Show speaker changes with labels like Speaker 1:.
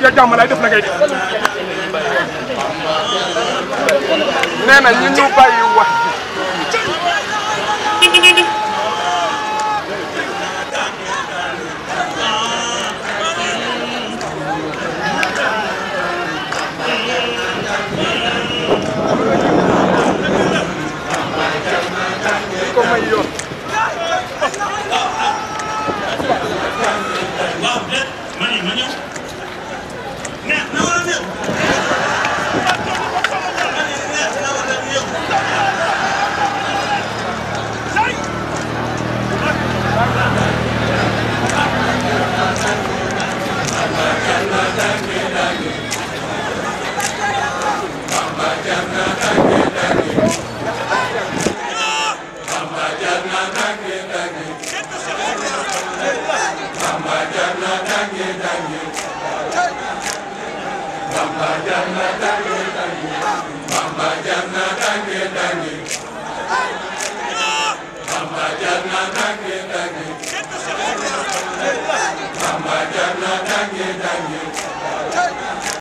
Speaker 1: te jàmm lay def la ngay
Speaker 2: def
Speaker 3: ないよ。Now, now.
Speaker 4: Janna Dange Dange